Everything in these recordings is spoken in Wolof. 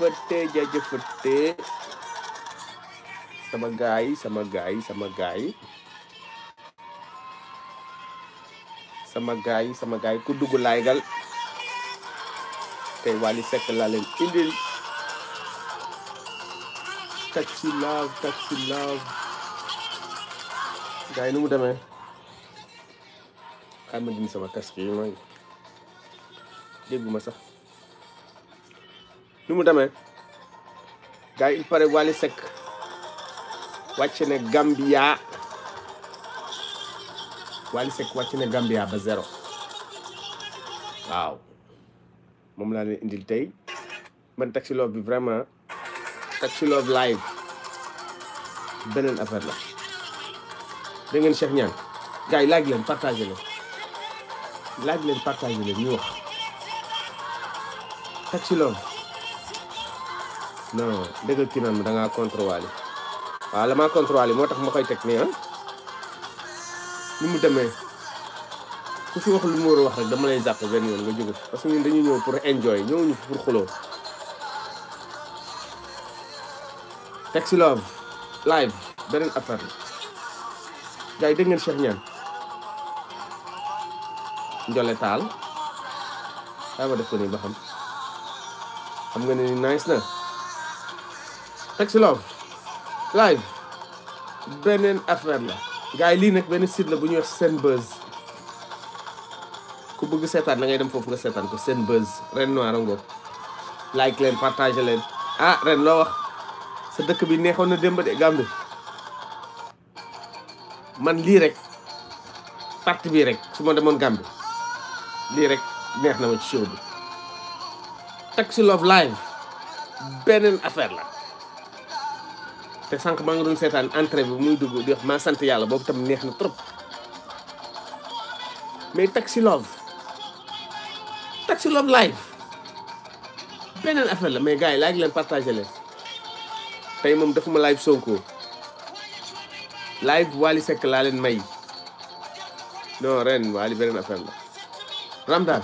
jaajëfatee jaajëfatee sama gaay sama gaay sama gaay sama gaay sama gaay ku dugg laygal tey Wally Seck laa leen indil taxi love taxi love gaay nu mu demee xaar ma sama casque yi mooy dégguma sax nu mu demee gars yi il paraît Wally Seck wàcc ne Gambia Wally Seck wàcc Gambia ba zéro waaw moom laa ne indil tey man Taxi Love bi vraiment Taxi Love live beneen affaire la da ngeen Cheikh Niang gars yi laaj leen partagé leen laaj leen partagé leen ñu wax Love non dëgg kii naan ma da waaw la maa contrôlé moo tax ma koy teg nii ah ni mu demee ku fi wax lu mu war a wax rek dama lay zàpp benn yoon nga jóge parce que ñun dañuy ñëw pour enjoy ñëwuñu fi pour xuloo Texi Love live beneen affaire la gars yi dégg ngeen Cheikh Niane ma def ko nii ba xam xam nga ne nice na. Love live Benen affaire la gars li nak ben site la bu ñu wax Buzz. ku bëgg sétan da ngay dem fofu nga sétan ko Buzz. Ren noir ngo. like leen partage leen ah ren lo wax sa dëkk bi neexoon na démb de Gambie man li rek parti bi rek suma demone Gambie rek neex na ma ci show bi Love live Benen affaire la te sànq maa ngi doon seetaan entrée bi muy dugg di maa sant yàlla boobu tam neex na trop mais Taxi Love Taxi Love live beneen affaire la mais gars yi laaj leen partagé leen tey moom defuma live Sonko live Wally Seck laa leen may non ren Wally beneen affaire la Ramdan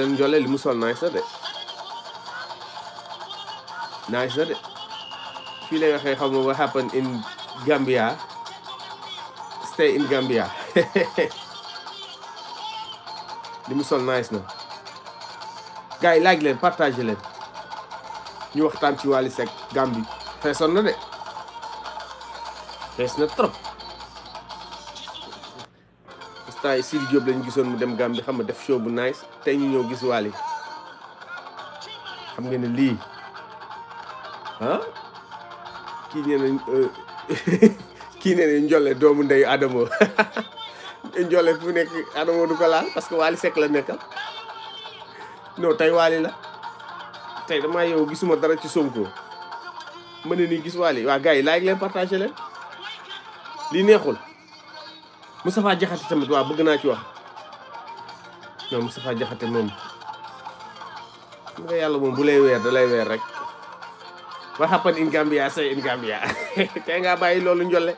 leen Jole li mu sol nice na de nice na de fii lay waxee what happened in Gambia stay in Gambia li mu sol nice na gars yi like leen partage leen ñu waxtaan ci Wally Seck Gambie feesoon na de fees na trop instant yi Sidi Diop lañu gisoon mu dem Gambie xam nga def show bu nice tey ñu ñëw gis Wally xam nga ne lii ah kii nee nañ euh, kii nee nañ Ndiolé doomu ndeyu Adamo fu nekk Adamo du ko laal parce que Waly Seck la nekkal non tey Waly la tey damaa yow gisuma dara ci Sonko ma ne nii gis Waly waa gars yi like leen partagé leen li neexul Moustapha Diakhaté tamit waa bëgg naa ci wax non Moustapha Diakhaté moom nga yàlla moom bu lay weer dalay lay weer rek. what happened in Gambia say in Gambia tey ngaa bàyyi loolu njolle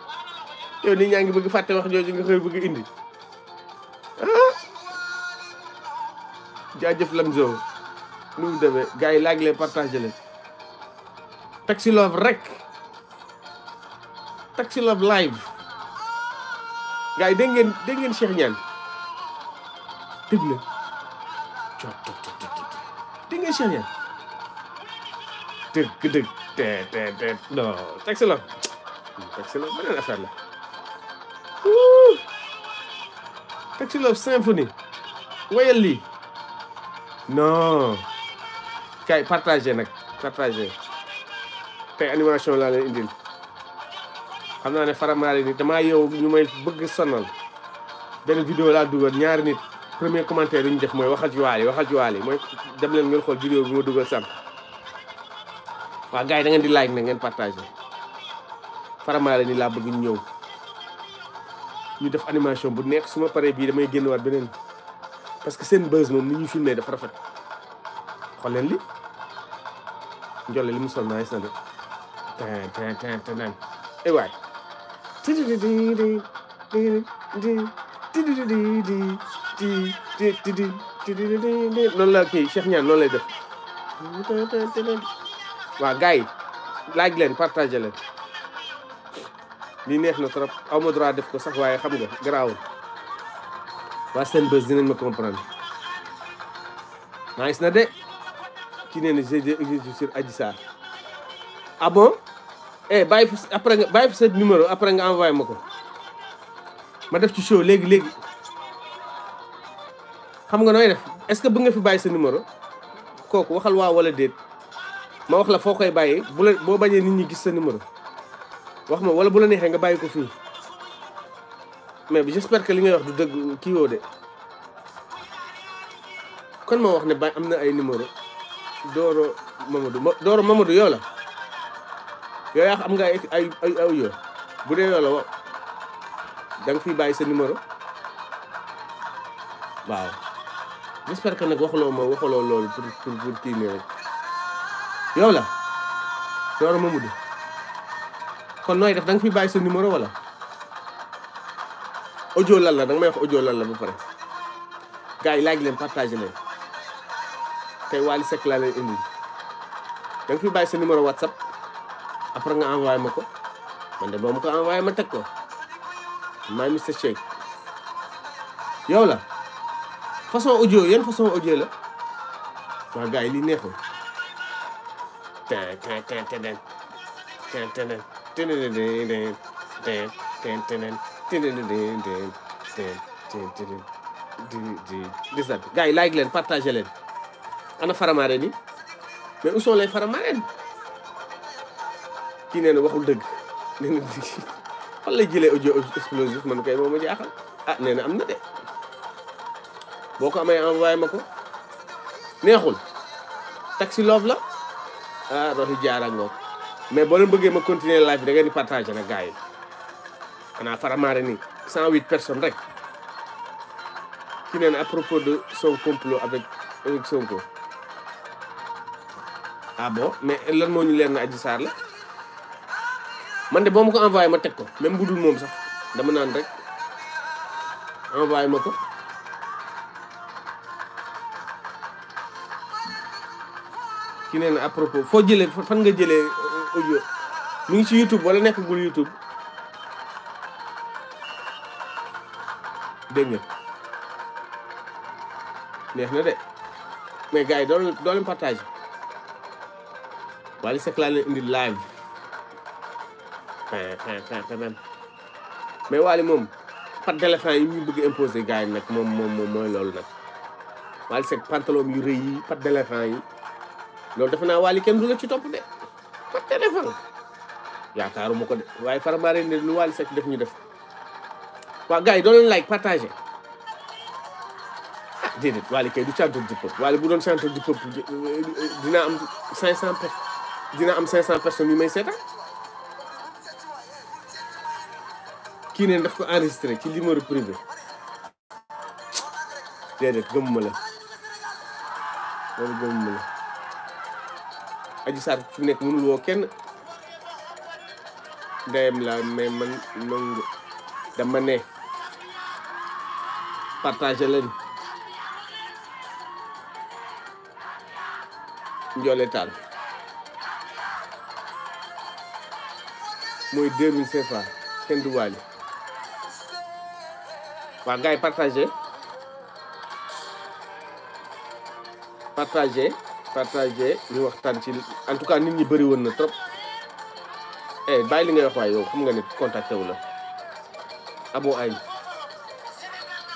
yow nit ñaa ngi bëgg fàtte wax jooju nga xëy bëgg indi ah jaajëf Lamzo nu mu demee gars yi laaj leen partagé leen Taxi Love rek Taxi Love live gars yi dégg ngeen dégg ngeen Cheikh Niane dégg na cot cot dëgg dëgg te te te non taxi la taxi love beneen affaire la taxi love symphonie wayal kay partagé nag partagé tey animation laa leen indil xam naa ne faramaari ni damaa yow ñu may bëgg sonal benn vidéo laa dugal ñaari nit premier commentaire yu ñu def mooy waxal ci waali waxal ci waali mooy dem leen ngeen xool vidéo bi ma dugal sànq wa gars da ngeen di like na ngeen partagé Faramaren ni la bëgg ñëw ñu def animation bu neex suma paré bi damay génn waat beneen parce que seen buzz moom ni ñu filmé dafa rafet xol leen li njolle li mu sol naa gis na de tan tan tan tan tan ay eh waay di di di di di di di di waa gars yi laaj leen partagé leen lii neex na trop aw ma droit def ko sax waaye xam nga garaawul waa seen bés dinañ ma comprendre nice na de ki nee na GG exige sur Adji Sarr ah bon eh, fi après nga numéro après nga envoyé ma ko ma def ci show léegi léegi xam nga nooy def est-ce que bu nga fi bàyyi sa numéro kooku waxal waa wala déet ma wax la foo koy bàyyee bu la boo bañee nit ñi gis sa numéro wax ma wala bu la neexee nga bàyyi ko fii mais j'espère que li ngay wax du dëgg kii woo de kon ma wax ne ba am na ay numéro Doro Mamadou Doro Mamadou yoo la yoo yaa am nga ay ay aw yoo bu dee yoo la wa da nga fiy bàyyi sa numéro waaw j'espère que nag waxuloo ma waxuloo loolu pour pour pour kii nii rek yow la Doro Mamadou kon def da nga bàyyi sa numéro wala audio lan la da nga may la ba pare yi laaj leen partagé leen tey Wally Seck laa leen numéro whatsapp après nga envoyé ma ko man ma teg ko maay la façon audio yan façon audio la waa gars yi lii neexul gis na gars yi like leen partagé leen ana faramaareen yi mais où sont les faramaareen kii nee na waxul dëgg nee lay jëlee audio explosif man kay moom ma ah nee na am de boo ko envoyé Mako? ko taxi love la ah rohi jaara ngoog mais boo leen ma continuer live bi da ngeen di partager nag gars yi xanaa faramaare ni cent huit personnes rek ki neen à propos de son complot avec avec Sonko ah bon mais lan moo ñu na Adji Sarr la man de boo ma ko envoyé ma teg ko même bu dul sax dama naan rek envoyé ko ki nee na à propos foo fan nga jëlee euh, audio mu ngi ci YouTube wala nekkagul YouTube dégg nga neex na de mais gars yi doo doo leen partage Wally Seck laa leen indi live mais Wally moom pat d'éléphant yi ñu bëgg imposer gars yi nag moom moom moom mooy loolu nag Wally Seck pantalon yu pat d'éléphant yi loolu defe naa Wally kenn du la ci topp de par téléphone yaakaaruma ko de waaye faramaare ne lu Wally Seck def ñu def waaw gars yi doo leen like partagé ah déedéet Wally kay du chanteur du peuple Wally bu doon chanteur du peuple euh, dina am 500 per dina am 500 personnes yu may seetaan kii neen daf ko enregistré ci numéro privé déedéet gëmuma la la. Adji Sarr fi nekk mënul woo kenn ndeyam la mais man dama ne partagé leen Ndiolé mooy 2000 CFA kenn du waali waa gars yi partagé partagé ñu waxtaan ci en tout cas nit ñi bëri woon na trop eh bàyyi li ngay wax waaye yow xam nga ne contacté wu la abo ay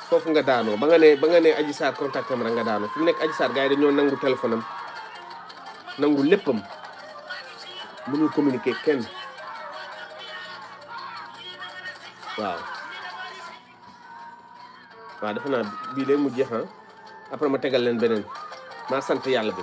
foofu nga daanoo ba nga ne ba nga ne Adji Sarr contacté am rek nga daanoo fi mu nekk Adji Sarr gars yi dañoo nangu téléphone am nangu léppam mënul communiquer kenn waaw waaw defe naa bii léegi mu jeex ah. après ma tegal leen beneen maa sant yàlla bi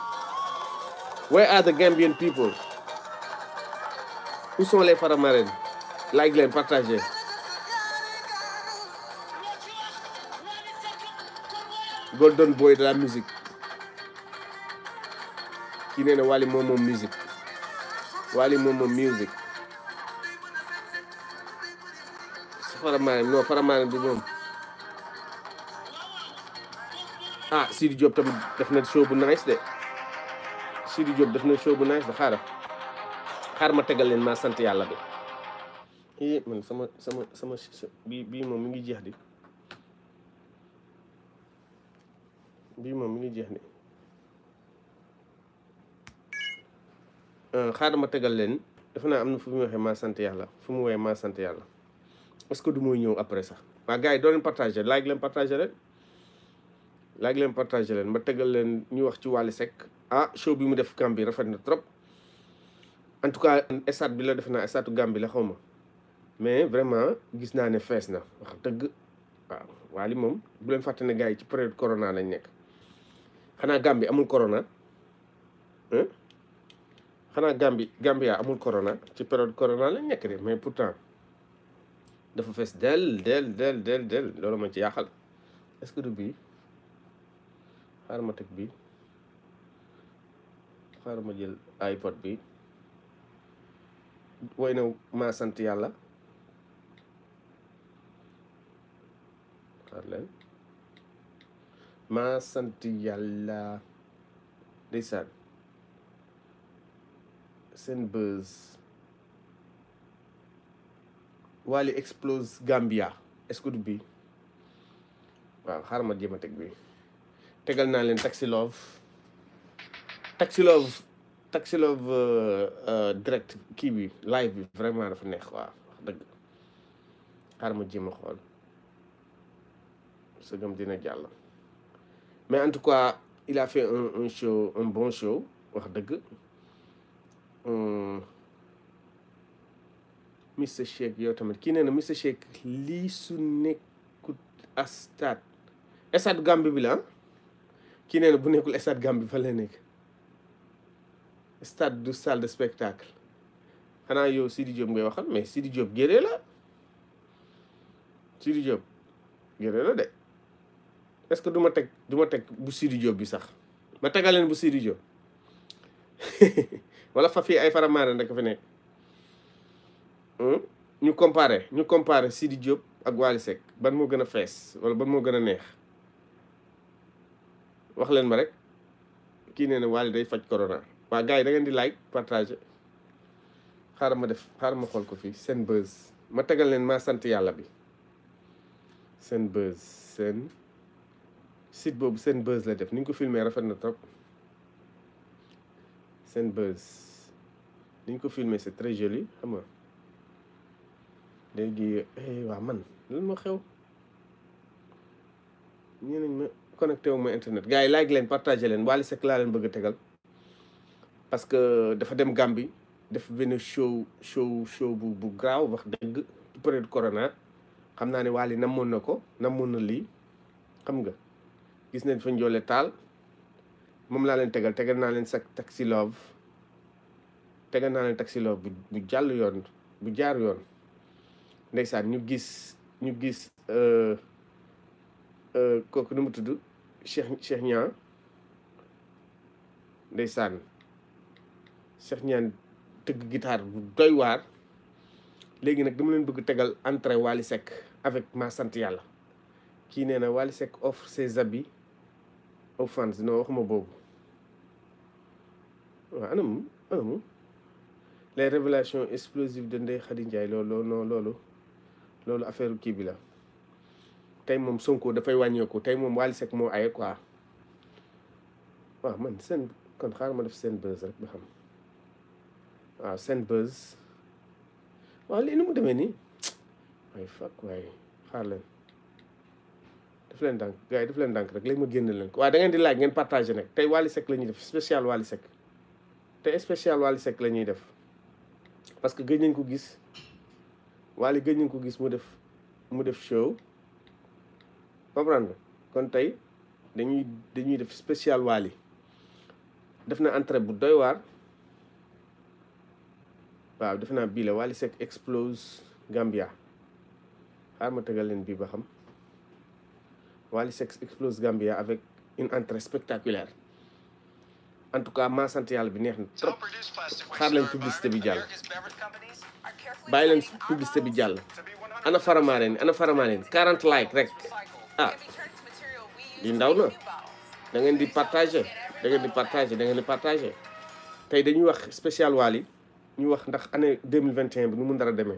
Where are the Gambian people? Où sont les Faramarènes? Like leen partagez. Golden boy de la musique. Qui n'est na Wally moom music. Wali Wally music. moom musique. Faramarène non Faramarène du moom. ah si Diop tamit def na show bu nice de. Sidi Diop def na show bu nice da xaaral ma tegal leen maa sant yàlla bi sama sama sama bi bii moom mi ngi jeex di bii moom mi ngi jeex di euh, xaar ma tegal leen defe naa am na fu mu waxee maa sant yàlla fu mu woowee maa sant yàlla est que du mooy ñëw après sax waa gars yi doo leen partagé like leen partagé rek like leen partagé leen ma tegal leen ñu wax ci Wally Seck ah show bi mu def Gambie rafet na trop en tout cas stade bi la def naa stade la xaw ma mais vraiment gis naa ne fees na wax dëgg waaw Wally moom leen fàtte ne gars yi ci période corona lañ nekk xanaa Gambie amul corona xanaa Gambie Gambia amul corona ci période corona lañ nekk de mais pourtant dafa fees del del del del del loolu ma ci yaaxal est-ce que du bii xaaral tek bi xaaral ma jël iPod bi woy na maa sant yàlla xaar leen maa sant yàlla buzz explose Gambia est bi waaw xaaral ma tek bi tegal naa leen Taxi Love Taxi Love Taxi Love euh, euh, direct kii bi live bi vraiment dafa neex waaw wax dëgg xaar ma jéem a xool sa gëm dina jàll mais en tout cas il a fait un show un bon show wax dëgg euh, Mister Shake yow tamit kii nee na Mister Shake lii su nekkut astat estat Gambie bi la ah? kini nee na bu nekul stade Gambie fa la nek stade du salle de spectacle xanaa yow Sidi job ngay waxal mais Sidi job génne la Sidi job génne la de est-ce que duma tek duma tek bu Sidi job bi sax ma tagalen bu Sidi job wala fa fi ay faramaare ndek fi nekk hmm? ñu comparer ñu comparer Sidi job ak wali sek ban mo gëna fess wala ban mo gëna neex. wax leen ma rek kii nee na Wally day faj corona waa gars yi da di like partage xaaral ma def xaaral ma xool ko fii seen buzz ma tegal leen ma sant yàlla bi seen buzz seen site boobu seen buzz la def ni ñu ko filmé rafet na trop seen buzz ni ñu ko filmé c'est très joli xam léegi eh, waa man lan moo xew connecté wu ma internet gars yi like leen partagé leen Wally Seck laa leen bëgg a tegal parce que dafa dem Gambie def benn show show show bu bu graaw wax dëgg période corona xam naa ne Wally namoon na ko namoon na lii xam nga gis nañ fa njoole taal moom laa leen tegal tegal naa leen sa taxi love tegal naa leen taxi love bu bu jàll yoon bu jaar yoon ndeysaan ñu gis ñu gis euh, euh, kooku nu mu tudd Cheikh Cheikh Niang ndeysaan Cheikh Niang tëgg guitare bu doy waar léegi nag dama leen bëgg tegal entrée Wally Seck avec ma sant yàlla kii nee na Wally Seck offre ses habits aux fans non waxuma boobu waaw anam anam les révélations explosives de Ndeye Khady Ndiaye loolu loolu non loolu affaire kii bi la tey moom Sonko dafay wàññeeku tey moom Wally Seck moo aye quoi waaw man seen kon xaaral ma def seen buzz rek ba xam waaw seen buzz waaw lii nu mu demee nii waaye fuck waaye xaar leen daf leen dànk gars daf leen dànk rek léegi ma génn leen ko waaye da ngeen di laaj ngeen partagé nag tey Wally Seck la ñuy def spécial Wally Seck tey spécial Wally Seck la def parce que gëj lañ ko gis Wally gëj nañ ko gis mu def mu def show comprendre kon tay dañuy dañuy def spécial wali def na entrée bu doy war waaw def na explose Gambia xaar ma tegal len Wali ba xam wali sec explose Gambia avec une entrée spectaculaire en tout cas ma sante yalla bi neex na trop xaar len publicité bi jall bay len publicité bi jall ana ana 40 like rek ah di ndaw la da ngeen di partager da ngeen di partager da ngeen di partager tay dañuy wax spécial wali ñu wax ndax année 2021 bi nu mu dara démé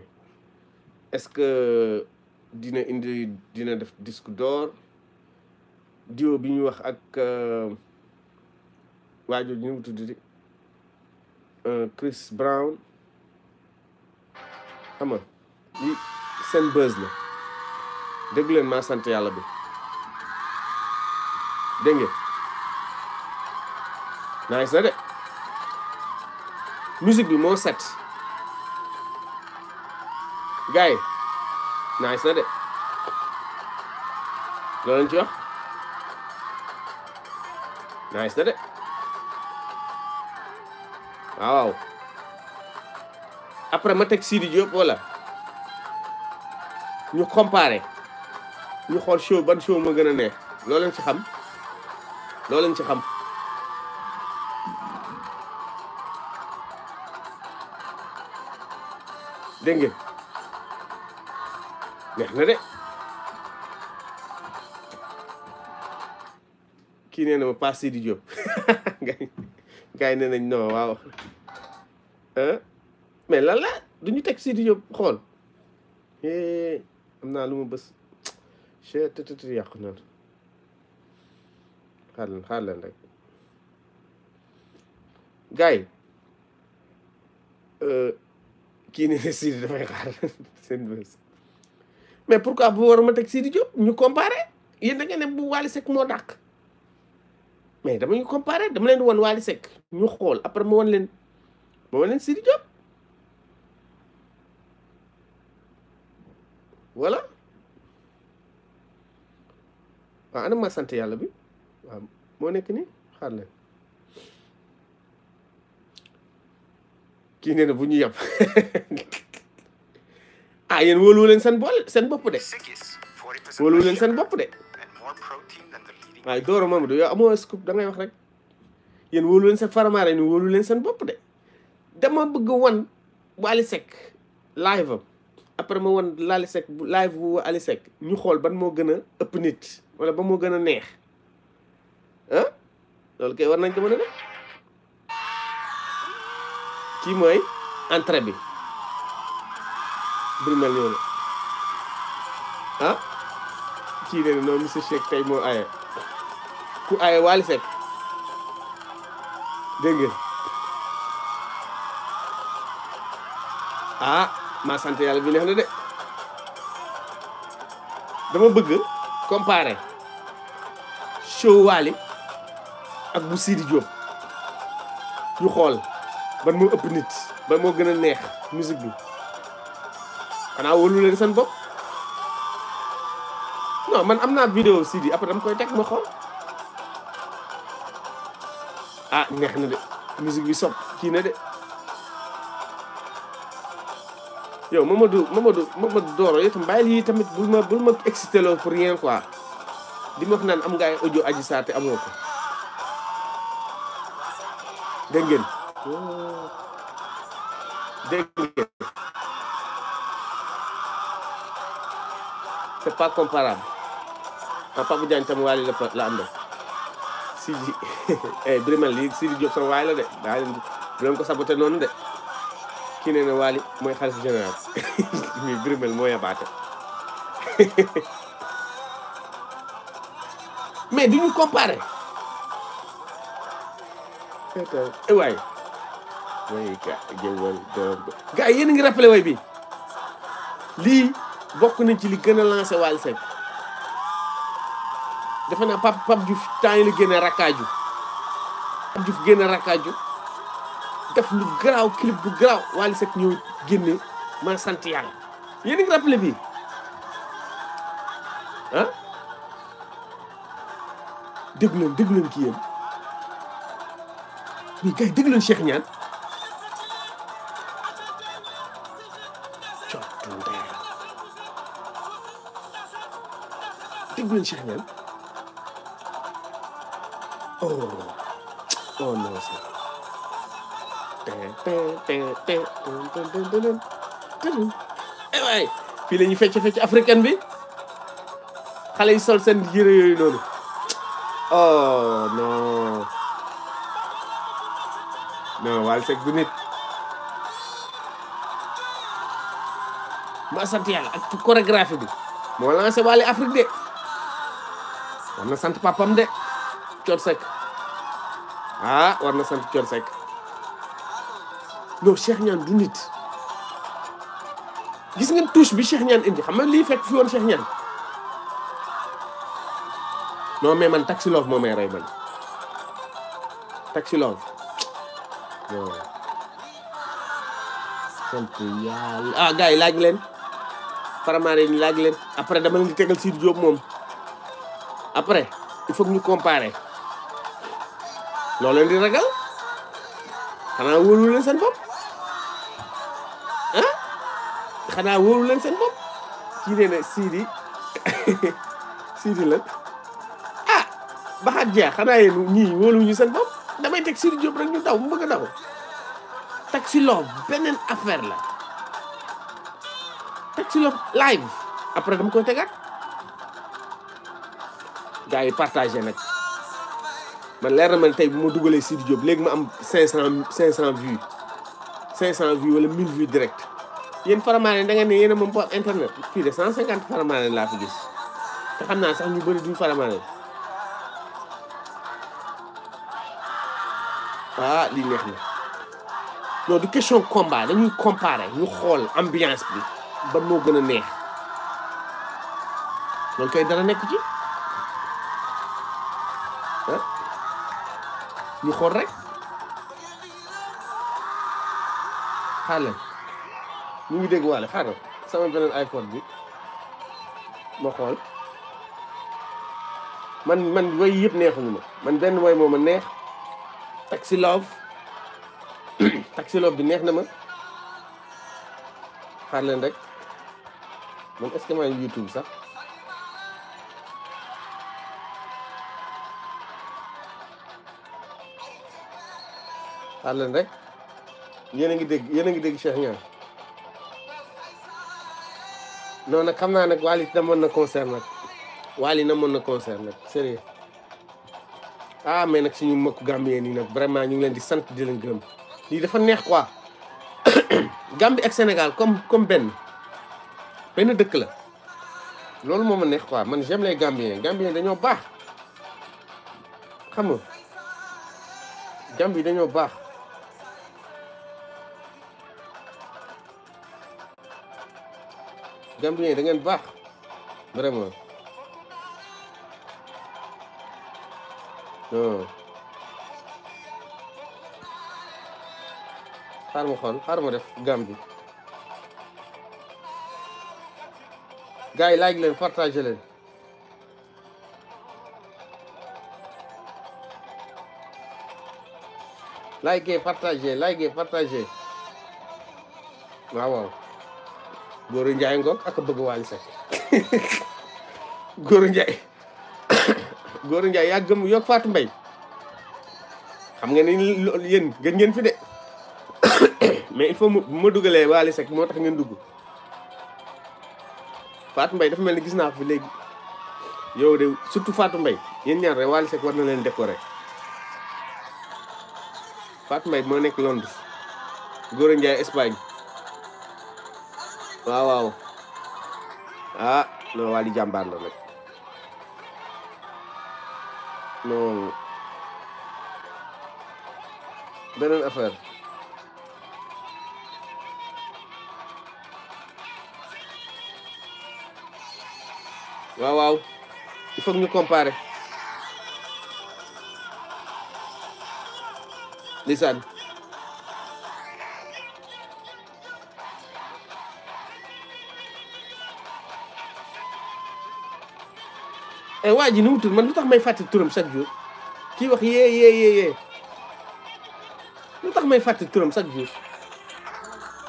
est-ce que dina indi dina def disque d'or dio bi ñuy wax ak euh, waajo ñu tuddi di euh, Chris Brown xam nga sen buzz la deug leen ma sante yalla bi dégg ngeen nice na de musique bi moo set gars yi nice na de loolu lañ ci wax nice na de waaw après ma teg Sidi Diop wala ñu comparé ñu xool show ban show ma gën a neex loolu lañ ci xam loo leen ci xam neex na de kii nee na ma paas Sidi Diop gars yi nee nañ non waaw mais lan la duñu teg Sidi Diop xool am naa lu ma bës che tëtëtë yàqu noonu xaar leen leen rek gars yi euh, kii ne ne Sidi dafay xaar seen bés mais pourquoi bu waruma teg Sidi Diop ñu comparé yéen da ngeen ne bu Wally moo dàq mais dama ñu comparé dama leen woon Wally Seck ñu xool après ma woon leen ma woon leen Sidi Diop voilà waaw ana ma sant yàlla bi mo nek ni xaar leen ki ne na bu ñu yapp ah yeen wolu len sen bol sen bop de wolu len sen bop ah, ya, de ay dooro mom do amo scoop da ngay wax rek yeen wolu len sen faramaare ni wolu len sen bop de dama bëgg won wali Ali live après ma wan Lali Seck live wu Ali Seck ñu xol ban mo gëna a ëpp nit wala ba mo gëna neex loolu kay war nañ ko mën a def kii entrée bi Brumel ñëw na ah kii nee na noonu monsieur Cheikh tey ku aaye wali Seck dégg ah mas sant yàlla bi neex na de dama bëgg comparer show wali. ak bu Sidi Diop ñu xool ban moo ëpp nit ban moo gën a neex musique bi xanaa wóolu leen seen bopp non man am naa vidéo Sidi après dama koy teg ma xool ah neex na de musique bi sob kii na de yow ma Mamadou Mamadou Doro yow tam bàyyi lii tamit bul ma bul ma excité loo pour rien quoi di ma wax naan am nga ay audio Adji Sarr dégg ngeen dégg ngeen c'est pas comparable a Papa Diagne tam waali la la àndal Sidi eh, Brimel lii Sidi Diop sama waay la de bu leen ko saboté eh waay way ga ngi rappelé way bi lii bokk na ci li gën a lancé Wally Seck dafa naa Pape Pape la génne rakkaaju Pape Diouf génne rakkaaju def lu garaaw clip bu garaaw Wally Seck ñëw génne maa sant yàlla yéen a ngi rappelé bii ah déglu leen déglu leen mais gars yi dégg leen Cheikh Niane. cottu ndeyam dégg leen Cheikh Niane oh oh non c'est. fii la ñuy fecc fecc africaine bi xale yi sol seen yére yooyu noonu oh non. non Wally Seck du nit ma sant yàlla ak chorégraphie bi moo lancé Wally Afrique de war sant papam de Thione Seck ah war na sant Thione Seck non Cheikh Niane du nit gis ngeen touche bi Cheikh Niane indi xam nga lii fekk fi woon Cheikh Niane non man taxi love moo may rey man taxi bon sant ah gars yi laaj leen faramaare yi laaj leen après dama leen di tegal Sidy Diop moom après il faut que ñu comparer loo leen di ragal xanaa wóolu leen seen bopp ah xanaa wóolu leen seen bopp kii nee na Sidy Sidy ah Bakhada Dia xanaa yéen ñii wóolu ñu seen bopp. damay teg Sidy Diop rek ñu daw mu bëgg a daw Taxi Love benen affaire la Taxi Love live après dama koy tegaat gaay yi partagé nag man leer na ma ne bu ma dugalee Sidy Diop lég ma am 500 500 vues 500 vues wala 1000 vues direct yeen faramaane da nga né yeen a internet fi de 150 faramaane la fi gis te xam sax ñu bëri duñ faramaane ah lii neex na non du question combat dañuy comparer ñu xool ambiance bi ba moo gën a neex loolu koy dara nekk ci ah. ñu xool rek xaaral mu ngi dégg waale xaaral sama ay iPhone bi ma xool man man way yëpp neexuñu ma man benn way moo ma neex taxi love taxi love bi neex na ma xaar leen rek man est-ce que maa YouTube sax xaar leen rek yéen a ngi dégg yéen a ngi dégg Cheikh Niang non nag xam naa nag Wally na mën na concert nag waali na mën na concert nag sérieux ah mais nag suñu mbokku gambien yi nag vraiment ñu ngi leen di sant di leen gërëm lii dafa neex quoi Gambie ak Sénégal comme comme benn benn dëkk la loolu moom ma neex quoi man j'aime les Gambiens dañoo baax xam nga Gambie dañoo baax. Gambien da ngeen baax vraiment. xaar ma xool xaar ma def gam bi gars yi like leen partage leen like partage like partage waaw waaw góoru njaay ngoog ak bëgg Wally Seck góoru njaay Gora Ndiaye yaa gëm yokk Fatou Mbaye xam nga ni yéen ngeen fi de mais il faut mu ma dugalee Wally Seck moo tax ngeen dugg Fatou Mbaye dafa mel ni gis naa ko fi léegi yow de surtout Fatou Mbaye yéen ñaar rek Wally war na leen décorer Fatou Mbaye moo nekk Londres Gora Ndiaye Espagne waaw waaw ah non Wally jàmbaar la no Benin Affair. Uau, uau. E foi me compara. Listen. Eh, waa ji nu mu tudd man lu tax may fàtte turam chaque jour kii wax yee yee yee lu tax may fàtte turam chaque jour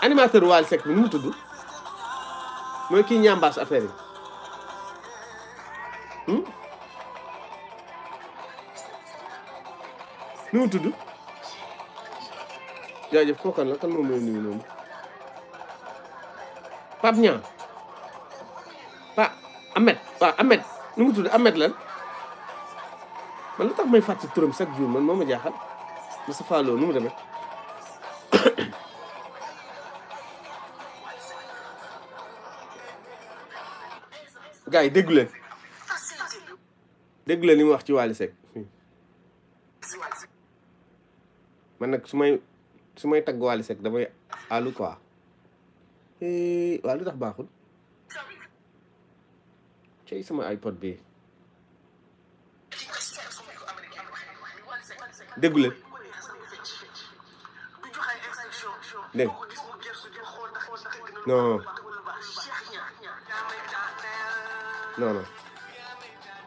animateur Wally Seck bi nu mu tudd mooy kii ñambaas affaire yi hmm? tudd jaajëf kookan la kan moom mooy nuyu noonu Pape Niang Pa Ahmed waaw Ahmed nu mu tudd Ahmed lan man la tax may fàtte turam chaque jour man moo ma jaaxal Moustapha Lo nu mu demee gars yi déggu leen li mu wax ci Wally Seck man nag su may su may tagg Wally Seck damay àllu quoi eh, waa lu tax baaxul cey sama iPod bi déggu dégg non non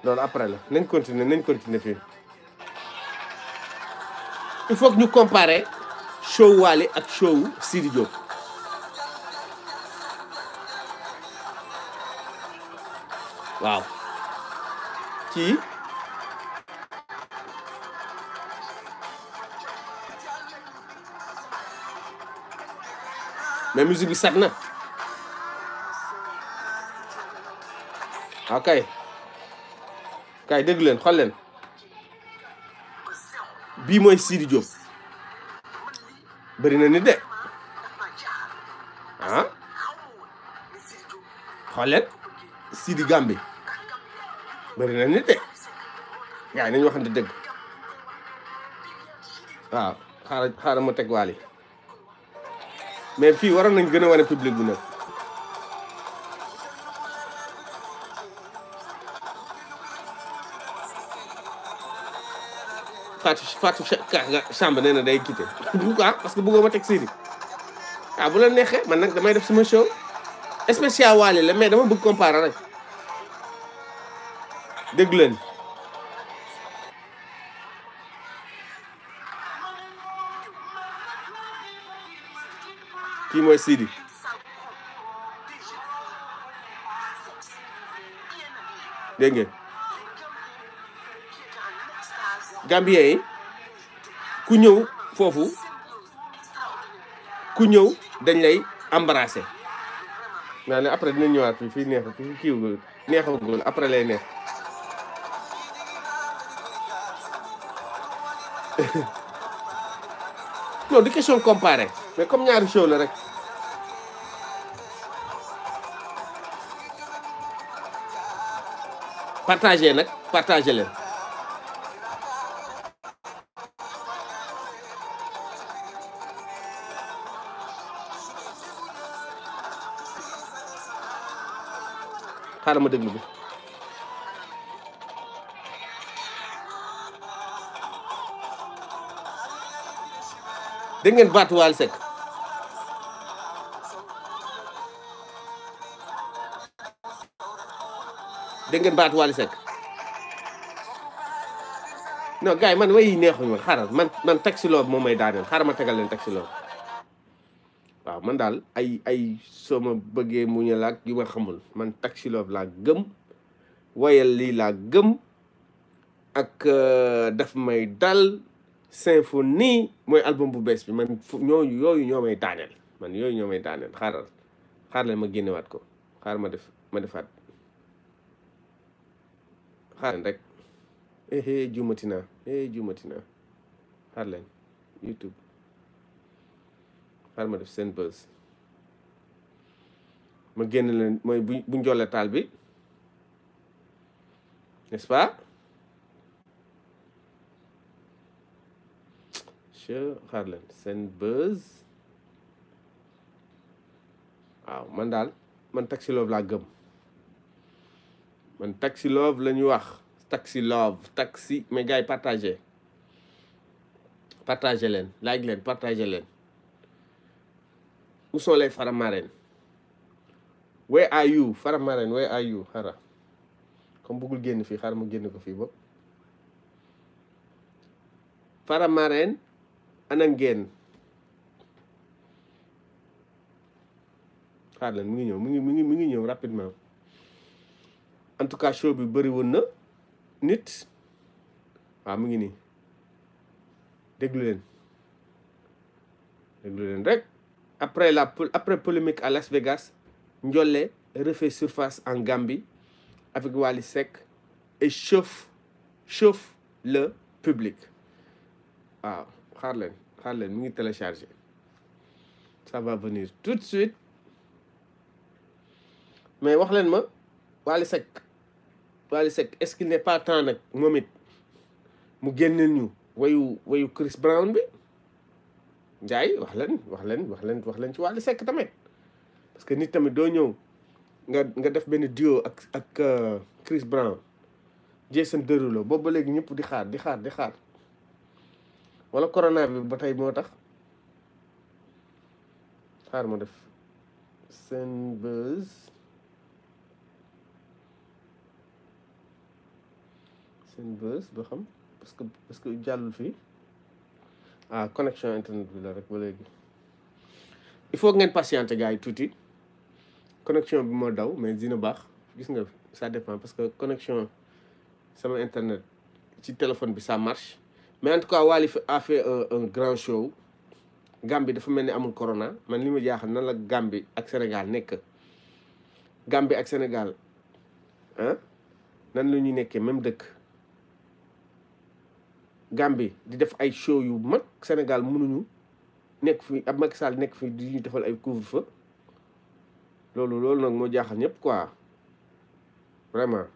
loolu après la nañ continuer nañ continuer fii il faut ñu compare show Wally ak show Sidi waaw ci mais musique bi set na waaw ah, kay kay dégg xool leen bii mooy Sidi Diop bëri na de ah xool leen Sidi Gambe bëri na nit de yaa nañu waxante dëgg waaw xaaral xaaral ma teg waali mais fii waroon nañ gën a wane public bu nag Fatou Fatou Samb nee na day quitté pourquoi parce que bëggoo ma teg Sidi waaw ah, bu la neexee man nag damay def sama show spécial waali la mais dama bëgg comparer rek dégg leen kii mooy Sidi dégg ngeen ku ñëw foofu ku ñëw dañ lay embrasser. naa ne après dina ñëwaat fii neex fii kiiwagul neexagul après lay neex. non di question comparé mais comme ñaari show la rek partagé nag partagé leen xaaral ma déglu bi dangeen baat baatu Waly Seck ngeen baatu Waly Seck non man way yi neexuñu man xaaral man man taxi loobu moom may daaneel xaaral ma tegal leen taxi loobu waaw man daal ay ay soo ma bëggee mu ñu laag yu ma xamul man taxi loobu laa gëm wayal lii laa gëm ak euh, daf may dal symphonie mooy album bu bees bi man ñooñu yooyu ñoo may daaneel man yooyu ñoo may daaneel xaaral xaaral ma génnewaat ko xaar ma def ma defaat xaaral rek eh, eh juumati naa eh juumati naa leen YouTube xaaral ma def seen buzz ma génn leen mooy bu bu taal bi nest pas. ca xaar leen seen buzz waaw man daal man taxi love laa gëm man taxi love la ñuy wax taxi love taxi mais gars partage partagé leen laaj leen partage leen où sont les Faramareen where are you Faramareen where are you xara comme bëggul génn fii xaar mu génn ko fii ba Faramareen ana ngeen xaar leen mu ngi ñëw mu ngi mu ngi mu ngi ñëw rapidement en tout cas show bi bëri woon na nit waaw mu ngi déglu leen déglu leen rek après la après polémique à Las Vegas Ndiolé refait surface en Gambie avec Wally sec et chauffe chauffe le public waaw xaar leen xaar leen mu ngi téléchargé ça venir tout de suite mais wax leen ma Wally Seck Wally Seck est-ce temps nag moom it mu génneel ñu wayu wayu Chris Brown bi Ndiaye wax leen wax leen wax leen wax leen ci Wally Seck tamit parce que nit tamit doo ñëw nga nga def benn dio ak ak euh, Chris Brown Jason Derulo boobu ba léegi ñëpp di xaar di xaar di xaar wala corona bi ba tey moo tax xaar ma def seen buzz seen buzz ba xam parce que parce que jàllul fii ah connexion internet bi la rek ba léegi il faut ngeen patienter gars yi tuuti connexion bi moo daw mais dina baax gis nga ça dépend parce que connexion sama internet ci téléphone bi ça marche mais en tout cas Walif a fait un un grand show Gambie dafa mel ni amul corona man li ma jaaxal nan la Gambie ak Sénégal nekk Gambie ak Sénégal ah nan la ñuy nekkee même dëkk Gambie di def ay show yu mag Sénégal mënuñu nekk fi ab Macky Sall nekk fi di ñu defal ay couvre-feu loolu loolu nag moo jaaxal ñëpp quoi vraiment.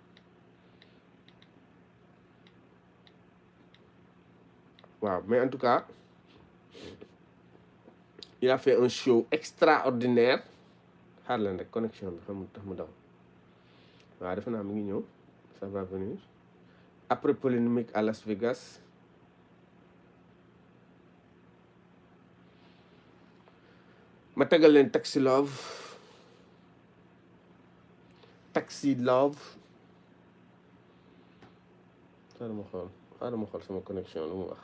waaw mais en tout cas il a fait un show extraordinaire xaar leen rek connexion bi xam tax mu daw waaw defe naa mi ngi ñëw ça va venir après polémique à Las Vegas ma tegal leen taxi love taxi love xaaral ma xool xaaral ma xool sama connexion lu mu wax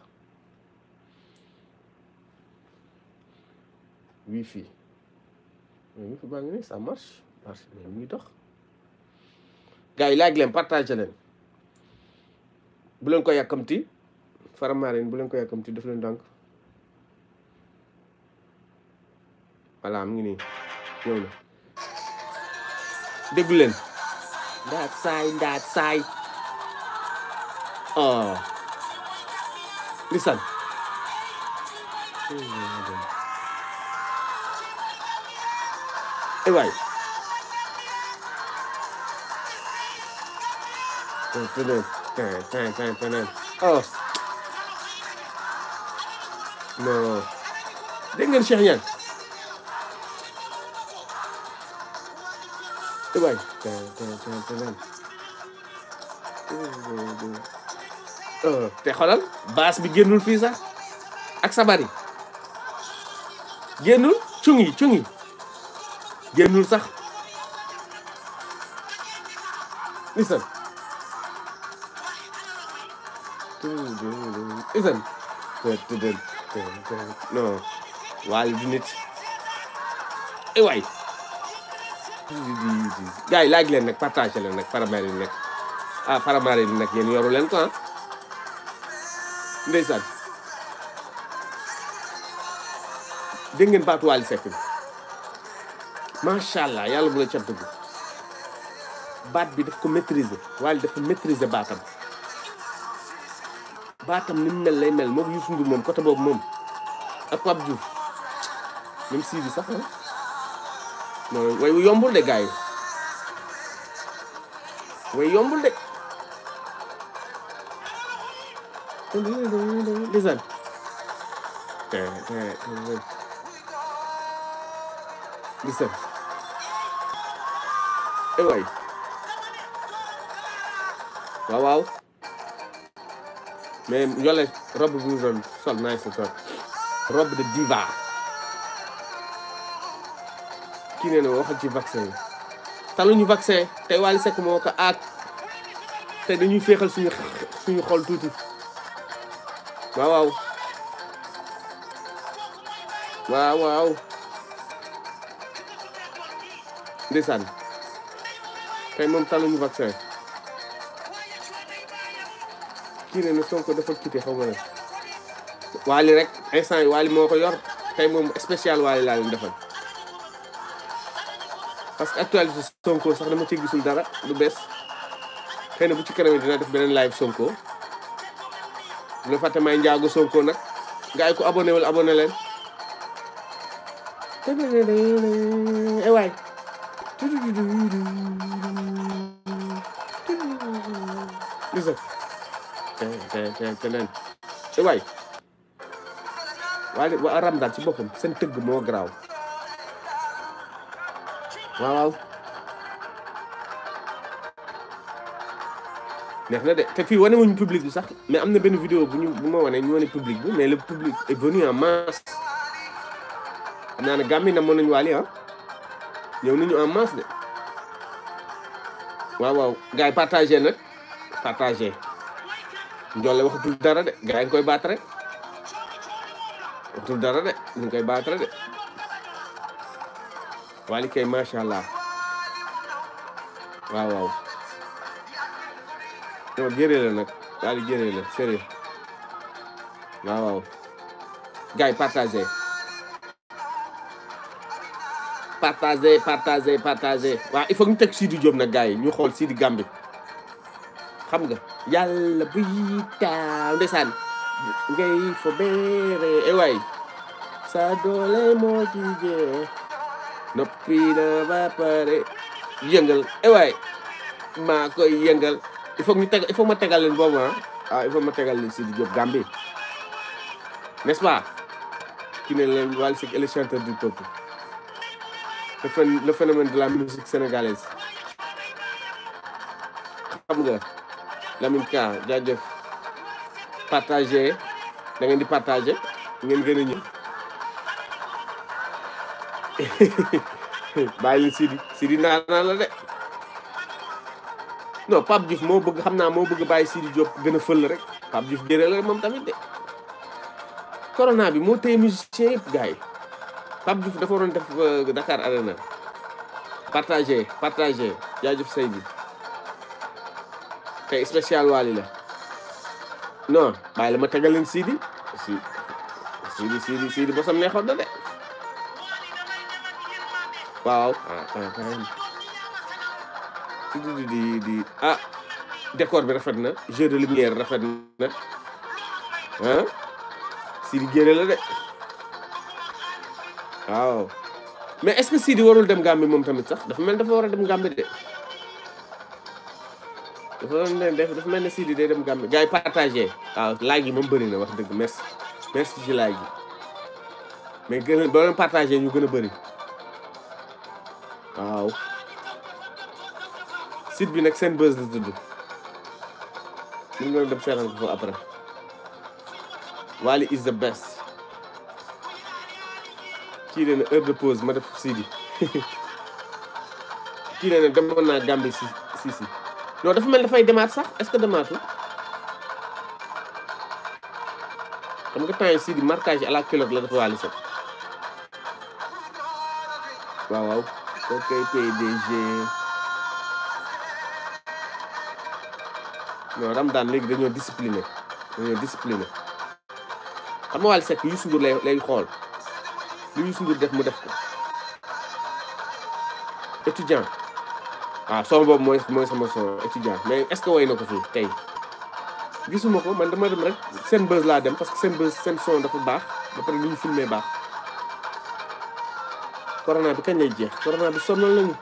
wifi mais wifi baa ngi nii ça marche parce que mu dox gars yi laaj leen partagé leen bu leen ko yakamti faramarin bu leen ko yakamti def leen dank wala am ngi ni ñëw na déglu leen ndaat saay ndaat saay oh listen lisan Anyway. Oh. No. dengar ngeen Anyway. Oh, te xoolal baas bi génnul fii sax ak sabar yi génnul cung génnul sax isan isan non waali du nit i waay gars yi laaj leen nag partage leen nag ah para bi nag yéen yoru leen ko ah ndeysaan dégg ngeen macha allah yàlla bu a cat dugg baat bi daf ko maîtriser Wally dafa maîtriser baatam baatam ni mel lay mel moom Youssou Ndour moom côté boobu moom ak Pape Diouf même sii bi sax mooy way yombul de gars yi way yombul de desan eh, eh, eh, lisan waay waaw waaw mais ñole robe bi mu doon sol nice na trop robe de diva kii nee na waxal ci vaccin yi taluñu vaccin tey Wally Seck moo ko aak te dañuy féexal suñu suñu xol tuuti waaw waaw waaw waaw ndeysaan tey moom taluñu vaccin kii ne ne Sonko dafa quitté xaw ma ne rek instant yi moo ko yor tey moom spécial waali laa defal parce que actualité Sonko sax dama ci gisul dara lu bes xëy bu ci kanam dina def beneen live Sonko bu la fàtte may njaago Sonko nag gars yi ko abonné wala abonné leen eh waay gis nga te ci waay waaye wa ramdaan ci boppam seen tëgg moo garaaw waaw neex na de te fii wane wuñu public bi sax mais am na benn vidéo bu ñu bu ma wane ñu wane public bi mais le public est venu en masse xam naa ne gàmmi na mën nañu waali ah ñëw en masse de waaw waaw gars yi partagé partagé Ndiolé waxatul dara de gars koy battre waxatul dara de ñu koy battre de Wally kay macha allah waaw waaw non jëree la nag Wally jëree sérieux waaw waaw gars yi partagé partagé partagé il faut ñu teg Sidi Diop nag gars yi ñu xool Sidi Gambi xam nga yàlla buy taaw ndeysaan ngay fa beere ewaay eh sa doole moo ci jeex noppi na ba pare yëngal ewaay eh maa koy yëngal il faut ñu teg il ma tegal leen boobu ah ah il faut ma tegal leen Sidi Diop Gambie n'est-ce pas ki ne leen Wally Seck est le du peuple le phénomène de la musique sénégalaise xam nga Lamine Ka jaajëf partagé da ngeen di partagé ngeen gën a ñëw bàyyi leen Sidi Sidi naa naa la de non Pape Diouf moo bëgg xam naa moo bëgg bàyyi Sidi Diop gën a fël rek Pape Diouf gëré la moom tamit de corona bi moo téye musicien yëpp gars yi Diouf dafa def euh, Dakar Arena partagé partagé jaajëf say bi tey spécial Wally la non bàyyi ma tegal leen Sidi si Sidi Sidi Sidi bosam de waaw di di di ah décor bi rafet na jeu de lumière rafet na ah Sidi génne la de waaw mais est que Sidi warul dem Gambie moom tamit sax dafa mel dafa war a dem Gambie de dafa doon mel ne Sidi day dem Gambie gars yi partagé waaw laaj yi moom bëri na wax dëgg merci merci ci laaj yi mais gën a ba leen partagé ñu gën a bëri waaw site bi nag seen buzz la tudd mun nga dem seetaan ko foofu après Wally is the best kii nee na heure de pose ma def Sidi kii nee na demoon naa Gambie si non dafa mel dafay demaat sax est-ce que demaatul xam nga temps yi si di marquage à la culotte la dafa wàlli sax waaw waaw ok PDG non Ramadane léegi dañoo discipliné dañoo discipliné xam nga Wally Seck yu sundur lay lay xool lu yu sundur def mu def ko étudiant ah son boobu mooy mooy sama son étudiant mais est ce que way na ko fii tey gisuma ko man dama dem rek seen buzz laa dem parce que seen buzz seen son dafa baax ba pare lu ñu filmé baax corona bi kañ lay jeex corona bi sonal nañu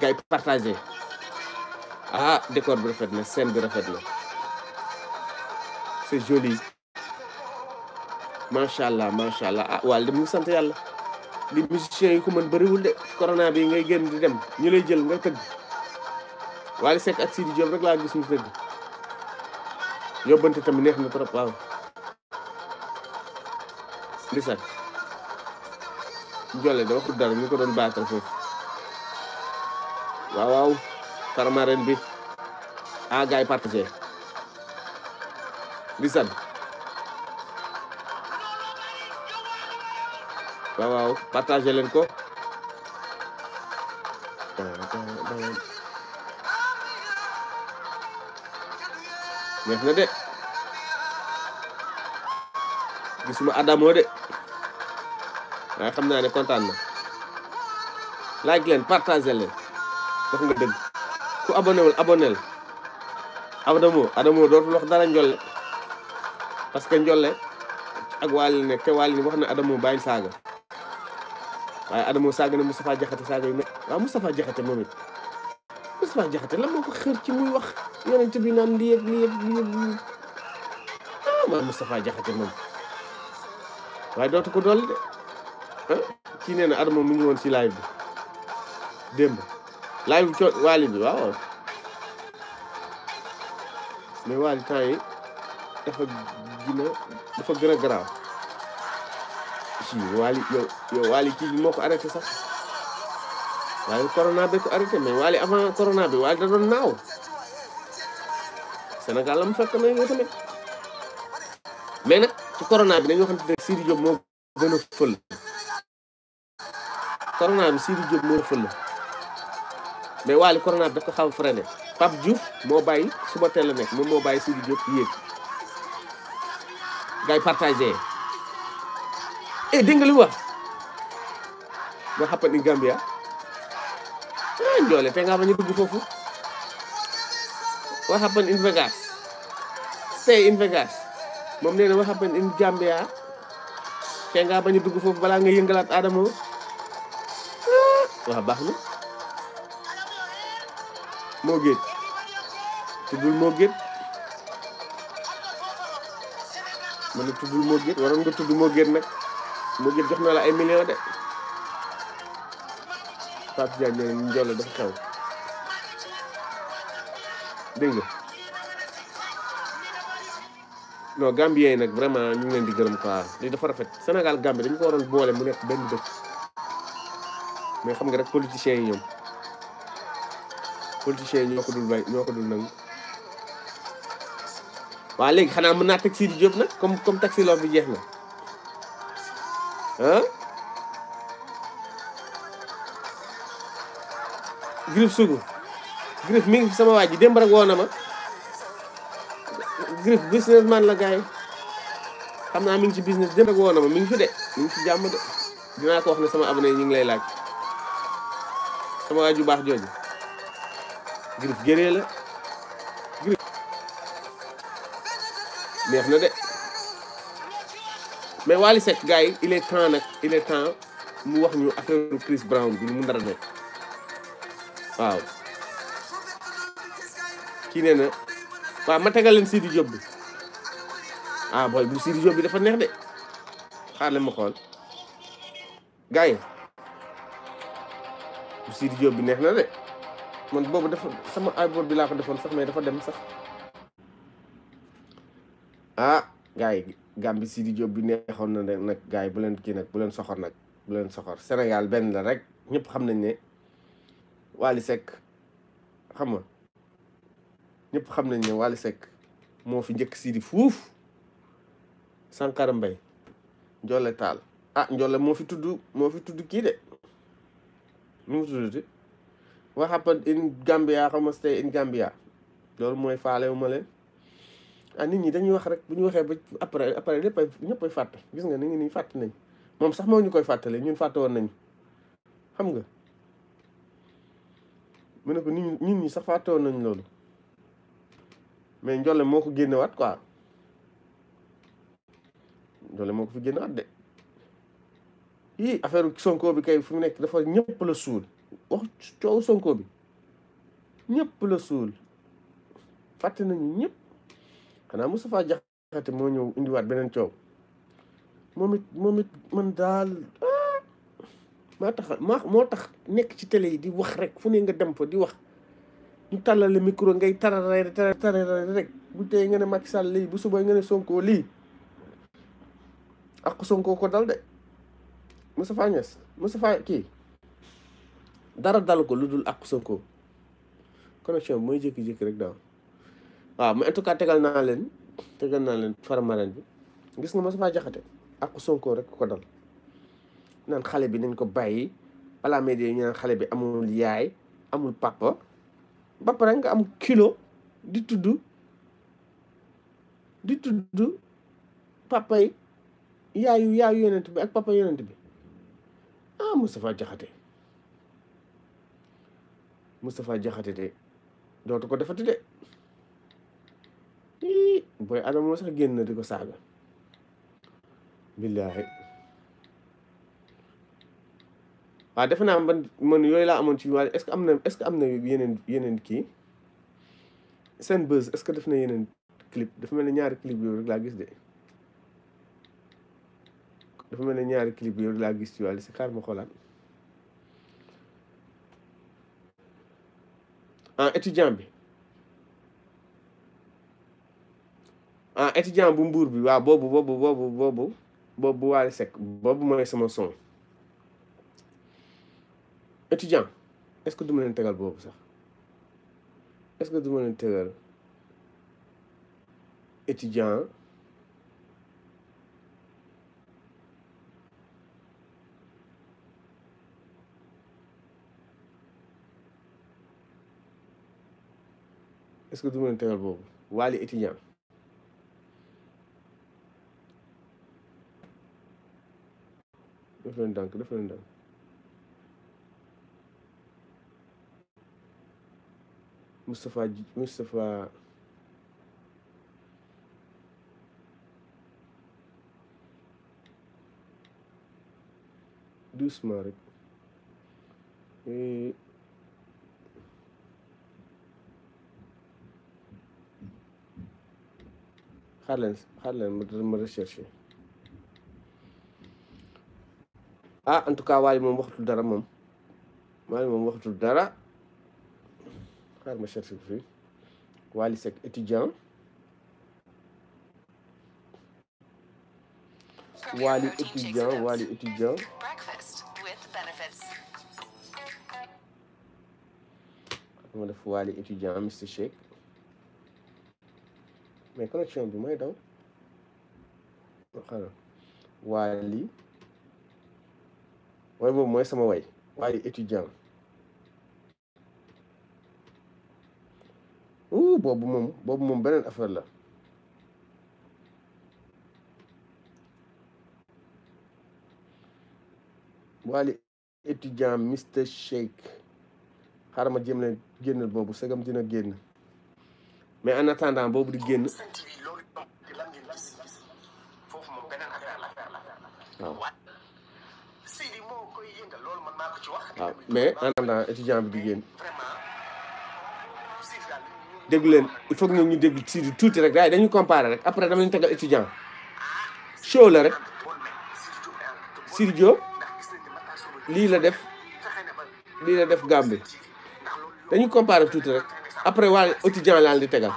gars yi partagé ah décor bi rafet na scène bi rafet na joli macha allah macha allah ah mu sant yàlla di musiciens yi ko man mën wul de corona bi ngay genn di dem ñu lay jël nga tëgg Wally Seck ak Sidi Diop rek laa gis ñu tëgg yóbbante tamit neex na trop waaw ndeysaan jolle da waxul dara ñu ko doon baatal foofu waaw waaw karma ren bi a gaay partagé ndeysaan waaw waaw leen ko neex na de gisuma Adamo de waaye xam naa ne kontaan na like leen partagé leen wax nga dëgg ku abonné wul abonné la Adamo Adamo dootul wax dara njolle parce que njolle ak Wally ne te Wally wax na Adamo bàyyi saaga waaye Adamo saaga na Moustapha Diakhaté saaga yu mel waaw Moustapha Diakhaté moom it Moustapha Diakhaté lan moo ko xër ci muy wax yonent bi naan lii live bi live bi coo bi waaw mais waali temps dafa gën dafa gën a garaaw kii Wally yow yow Wally kii bi moo ko arrêté sax waaye corona bi ko arrêté mais Wally avant corona bi Wally da doon naaw Sénégal la mu fekk na yow tamit mais nag ci corona bi dañoo xamante ne Sidi Diop moo fël corona mais Wally corona bi daf ko xaw a freiné Pape Diouf moo bàyyi suba teel nekk moom moo bàyyi Sidi Diop yéeg ngay partagé. Eh, dia keluar. li apa what happened in Gambia ah njoole pengalaman itu xam ñu what happened in Vegas stay in Vegas moom apa what happened in Gambia Pengalaman itu bañ fufu. balang yang balaa ada mu? Wah wax Mogit. na mogit? géet mogit? Orang géet ma ne mogit mu jël jox na la ay millions de Pape Diagne nee na Ndiol dafa xew dégg nga non Gambien yi vraiment ñu ngi di gërëm quoi lii dafa rafet Sénégal Gambie dañu ko waroon boole mu nekk benn dëkk mais xam nga rek politiciens yi ñoom politiciens yi ñoo kom dul bay ñoo dul comme comme taxi lool bi jeex na. ah Griff sugu Griff mi ngi fi sama waa ji démb rek woo na ma Griff businessman la gars yi naa mi ngi ci business démb rek woo ma mi ngi fi de mi ngi ci jàmm de dinaa ko wax ne sama abonné ñu ngi lay laaj sama waa ju baax jooju Griff géree la Griff neex na de mais Wally gaa yi il est temps nag il est temps mu wax ñu affaire Chris Brown bi mu nar a nekk waaw kii nee na waaw ma tegal leen Sidi Diop bi ah booy bu Sidi Diop bi dafa neex de xaar leen ma xool gars yi bu Sidi Diop bi neex na de man boobu dafa sama iPod bi laa ko defoon sax mais dafa dem sax ah gars yi Gambie Sidi Diop bi neexoon na ne nag gars yi bu leen kii nag bu leen soxor nag bu leen soxor Sénégal benn la rek ñëpp xam nañ ne Wally Seck xam ñëpp xam nañ ne Wally Seck moo fi njëkk Sidi fuuf Sankara mbay Ndiolé Tall ah Ndiolé moo fi tudd moo fi tudd kii de nu mu tuddati what happened in Gambia xaw ma in Gambia loolu mooy faalewu ma leen ah nit ñi dañuy wax rek bu ñu waxee ba après après lépp ay ñëpp ay fàtte gis nga ni ngi nii fàtte nañ moom sax moo ñu koy fàttale ñun fàtte woon xam nga mu ne ko nit ñi ñi sax fàtte nañ loolu mais njolle moo ko génnewaat quoi njolle moo ko fi génnewaat de ii affaire sonko bi kay fu mu nekk dafa ñëpp la suul wax sonko bi ñëpp la suul fàtte nañu ñëpp xanaa Moustapha Diakhaté moo ñëw indiwaat beneen coow moom it moom it man daal ah, maa tax moo tax nekk ci télé yi di wax rek fu ne nga dem fa di wax ñu tàllal la micro ngay tararee tararee rek bu tey nga ne Macky Sall lii bu suba nga ne Sonko lii ak Sonko ko dal de Moustapha Niass Moustapha kii dara dal ko lu dul ak Sonko connexion mooy jékki-jékki rek daaw. waaw mais en tout cas tegal naa leen tegal naa leen faramaren bi gis nga Moustapha jaxate ak Sonko rek ko dal naan xale bi nañ ko bàyyi balaa may dee ñu naan xale bi amul yaay amul papa ba pare nga am kilo di tudd di tudd papa yi yaayu yaayu yonent bi ak papa yonent bi ah Moustapha Diakhaté Moustapha Diakhaté de dootu ko defati de ii booy Adama moo sax génn na di ko saaga billaahi waaw defe naa man man yooyu laa amoon ci wàll est-ce que am na est-ce am na yeneen yeneen kii seen buzz est-ce que def na yeneen clip dafa mel ne ñaari clip yooyu rek laa gis de dafa mel ne ñaari clip yooyu laa gis ci wàll si xaar ma xoolaat ah bi ah étudiant bu mbuur bi waaw boobu boobu boobu boobu bu Wally Seck boobu mooy sama son étudiant est-ce que du ma leen tegal boobu sax est-ce que du ma leen tegal que du ma boobu Wally étudiant Different dunk, different dunk. Mustafa, Mustafa. Do smart. Hey. Eh. Harlan, Harlan, xaar leen ma recherche. ah en tout cas wali mom waxatul dara mom wali mom waxatul dara xaar ma cherche fii Wally Seck étudiant wali étudiant wali étudiant ma def Wally étudiant mr Shake mais connexion bi mooy daw xaaral Wally way boobu mooy sama way waaye étudiant u boobu moom beneen affaire la waali étudiant Mister Shake xaaral ma jéem leen génnal boobu segam dina génn mais en attendant boobu di génn waaw ah, mais en attendant étudiant bi di génn leen il faut que ñu dégg Sidi tuuti rek daay dañu comparer rek après dama ñu tegal étudiant ah, show la rek Sidi Diop lii la def lii la def Gambie dañu comparer tuuti rek après waa étudiant laan di tegal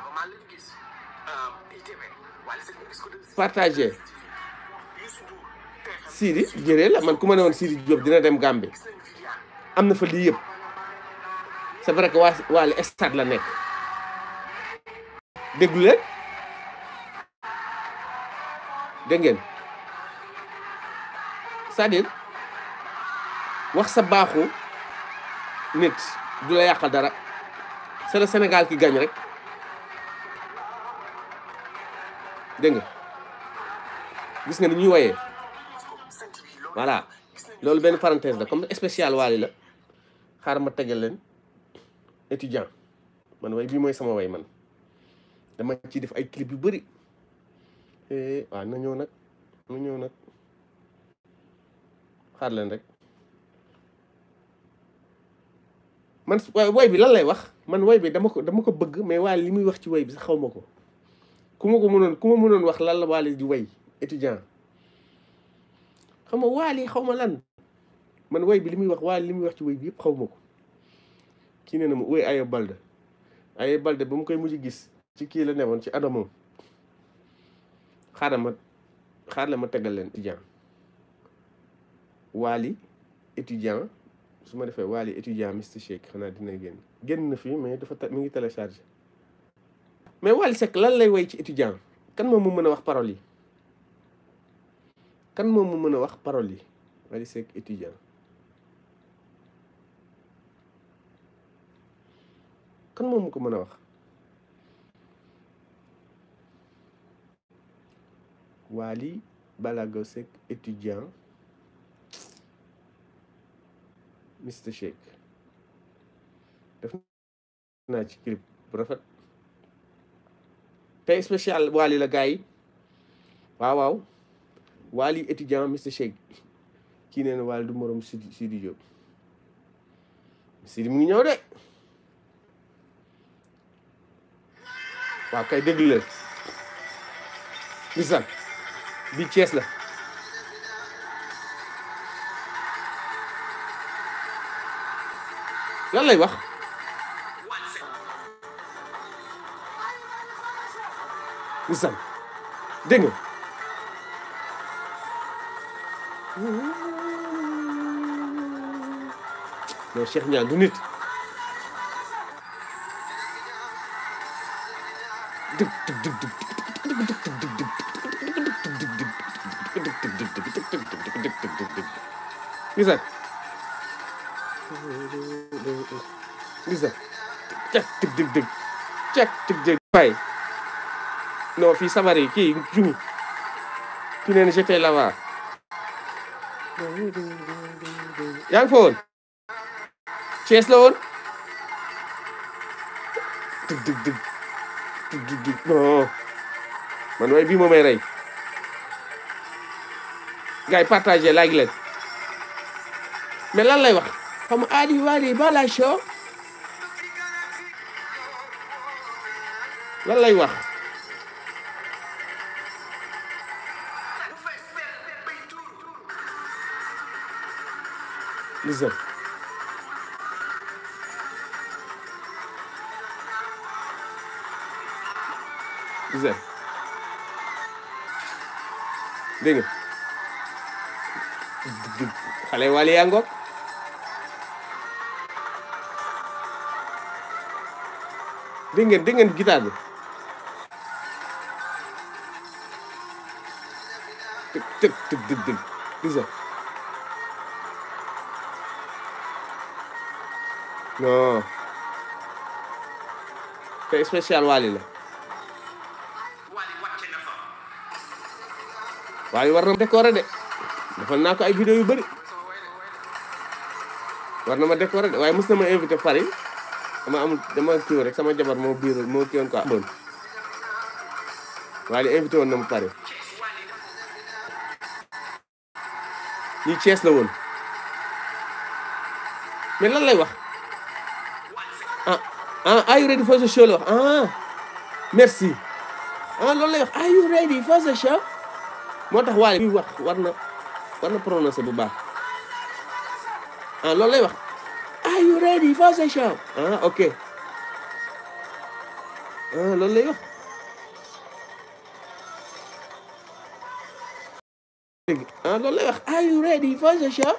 partagé Sidi jëree la man ku ma ne woon Sidi Diop dina dem Gambie am na fa lii yëpp c'est vrai que waa Wally stade la nekk déglu leen dégg ngeen cest à wax sa baaxu nit du la yàqal dara c'est le Sénégal ki gañ rek dégg nga gis nga ni ñuy woyee voilà loolu benn parenthèse la comme spécial Wally la xaaral ma tegal leen étudiant man way bi mooy sama way man dama ci def ay clip yu bari eh, waaw na ñëw nag na ñëw nag xaar leen rek man way bi lan lay wax man way bi dama ko dama ko bëgg mais waaye li muy wax ci way bi sax xaw ma ko ku ma ko mënoon ku ma mënoon wax lan la waale di way étudiant xam nga waali xaw ma lan man woy bi li muy wax waaye li muy wax ci woy bi yëpp xaw ko kii ne na ma woy Ayo Balde Ayo Balde ba mu koy mujj gis ci kii la newoon ci adamam xaaral ma xaaral ma tegal leen étudiant waali étudiant su ma defee waali étudiant Mister Shake xanaa dinay génn génn na fii mais dafa mi ngi téléchargé mais Wally Seck lan lay woy ci étudiant kan moom mu mën a wax parole yi kan moom mu mën a wax parole yi Wally Seck étudiant kan moom mu ko mën a wax Wally Balago Seck étudiant Mister Shake def naa ci clip bu rafet tey spécial Wally la gars yi waaw waaw Wally étudiant Mister Shake kii nee na du morom Sidi Sidi Diop Sidi mu ngi ñëw de waaw kay déglu leen bisan bi Thiès la lan lay wax bisan dégg nga non Cheikh Niang du nit Güzel. Güzel. Jack dik dik dik. Jack dik dik fay. Non fii sabar yi kii Ki nee na j'étais là-bas. Yaa ngi fa woon. Thiès la man waaye bii moomay may rey gars yi partagé like leen mais lan lay wax xam nga Aliou Wally Balla lay wax güzel. Değil mi? xale wàll Yangok. ngoog tuh. gitar. tik tik tik, bi tëg tëg No. Kayak spesial wali lah. waaye war na ma décorer de ay vidéo yu bëri na ma décorer de waaye mos na ma invité Paris dama am dama kiiw rek sama jabar moo biir moo kiiwoon quoi amoon waaye li invité woon na ma Paris ñi Thiès la woon mais lan lay wax ah ah are you ready for the show la wax ah merci ah loolu lay wax are you ready for the show moo tax waaye muy wax war na war na prononcer bu baax ah loolu lay wax are you ready for the show ah ok ah loolu lay ah, are you ready for the show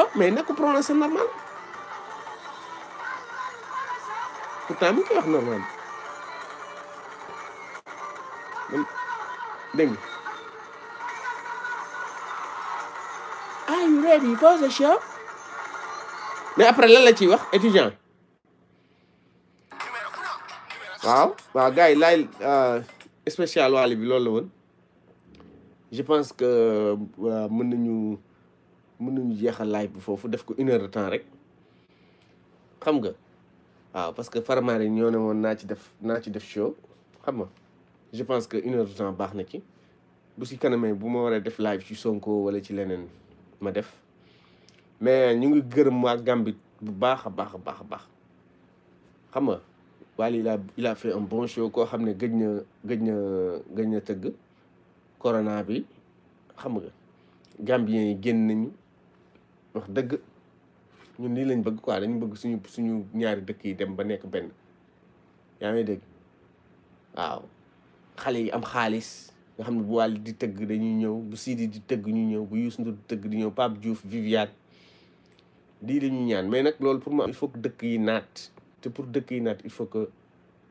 are mais na ko prononcer normal pourtant mu ngi wax normal dégg nga are you show mais après lan la ciy wax étudiant waaw waaw gars yi laay euh, spécial waali bi loolu woon je pense que euh, mën nañu mën nañu jeexal live bi foofu def ko une heure rek xam nga waaw parce que faramaare yi ñoo ne woon naa ci def naa ci def show xam nga je pense que une heure de temps baax ci si live ci Sonko wala ci leneen ma def mais nous ngi fait un bon bu Il a Il a il a il a fait un bon show quoi un bon show. gagne corona bi xam nga yi wax deug ñun lañ bëgg quoi dañu bëgg suñu suñu ñaari dëkk yi dem ba nekk ben yaa ngi waaw xale yi am xaalis nga xam ne bu wàll di tëgg dañuy ñëw bu Sidi di tëgg ñu ñëw bu Youssou Ndour di tëgg di ñëw Pape Diouf Viviane lii dañu ñaan mais nag loolu pour moi il faut que dëkk yi naat te pour dëkk yi naat il faut que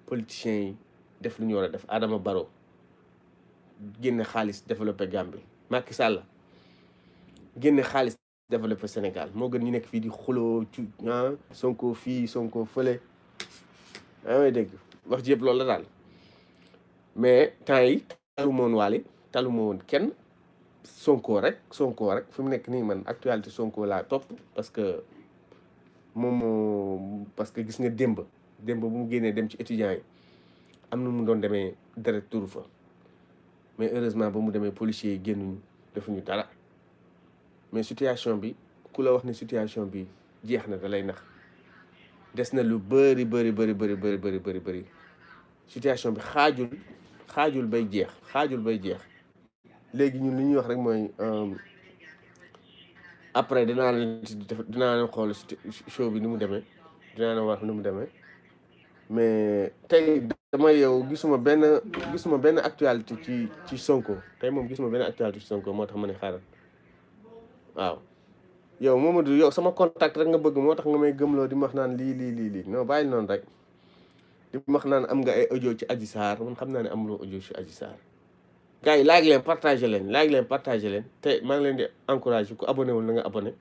politiciens yi def lu ñu war a def Adama baro génne xaalis développé Gambie Macky Sall génne xaalis développé Sénégal moo gën ñu nekk fii di xuloo ci ah Sonko fii Sonko fële ah may dégg wax ji yëpp loolu la daal mais temps yi talu moon waale talu moon kenn Sonko rek Sonko rek fi mu nekk nii man actualité Sonko laa topp parce que moom moo parce que gis nga démb démb bu mu génnee dem ci étudiants yi am na mu doon demee deret turu fa mais heureusement ba mu demee policiers yi génnuñu ñu dara mais situation bi ku la wax ne situation bi jeex na da lay nax des na lu bëri bëri bëri bëri bëri bëri bëri situation bi xaajul xaajul bay jeex xaajul bay jeex léegi ñun li ñuy wax rek mooy euh, après dinaa leen dinaa leen xool show bi ni mu demee dinaa leen wax nu mu demee mais tey dama yow gisuma benn gisuma benn actualité ci ci Sonko tey moom gisuma benn actualité ci Sonko moo tax ma ne xaaral waaw yow di yow sama contact rek nga bëgg moo tax nga may gëm loo di ma wax naan lii lii lii lii non bàyyi noonu rek. di wax naan am nga ay audio ci Adji Sarr man xam naa ne amuloo audio ci Adji Sarr gars yi laaj leen partagé leen laaj leen partagé leen te maa ngi leen di encouragé ku abonné wul na nga abonné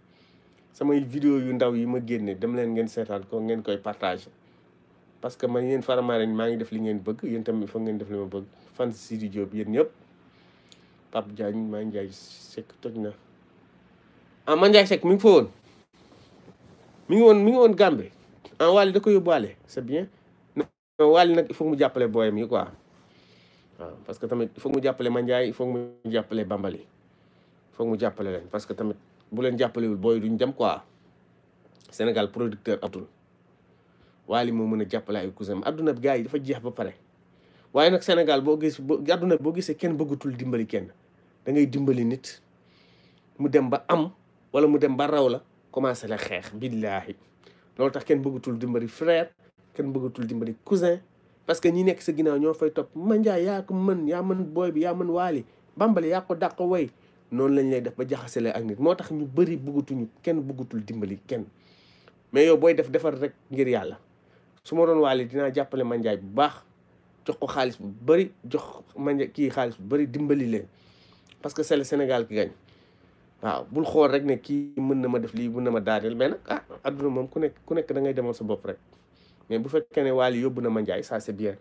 samay vidéo yu ndaw yi ma génne dem leen ngeen seetaan ko ngeen koy partage parce que man yéen Faramareen maa ngi def li ngeen bëgg yéen tamit foog ngeen def li ma bëgg fan Sidi Diop yéen ñëpp Pape Diagne maa ngi jaay Seck toj na ah man Ndiaye Seck mi ngi fa woon mi ngi woon mi ngi woon ah, da ko yóbbuwaale c'est bien Wally nag il faut mu jàppale booyam yi quoi waaw parce que tamit il faut mu jàppale Mandiaye il faut mu jàppale Bambali il faut mu jàppale leen parce que tamit bu leen jàppalewul booy duñ dem quoi Sénégal producteur atul Wally moo mën a jàppale ay cousin adduna bi gars yi dafa jeex ba pare waaye nag Sénégal boo gis adduna boo gisee kenn bëggatul dimbali kenn da ngay dimbali nit mu dem ba am wala mu dem ba raw la commencé la xeex billaahi loolu tax kenn bëggatul dimbali frère kenn bëggatul dimbali cousin parce que ñi nekk sa ginnaaw ñoo fay topp manjaay yaa ko mën yaa mën booy bi yaa mën waali bambale yaa ko dàq way noonu lañ lay def ba jaxasele ak nit moo tax ñu bari bëggatuñu kenn buggatul dimbali kenn mais yow booy def defar rek ngir yàlla su ma doon waali dinaa jàppale manjaay bu baax jox ko xaalis bu bëri jox manja kii xaalis bu bëri dimbali leen parce que c'est Sénégal ki gañ waaw bul xool rek ne kii mën na ma def lii mën na ma daaneel mais nag ah adduna moom ku nekk ku nekk da ngay demal sa bopp rek mais bu fekkee ne Wally yóbbu na Mandiaye ça c'est bien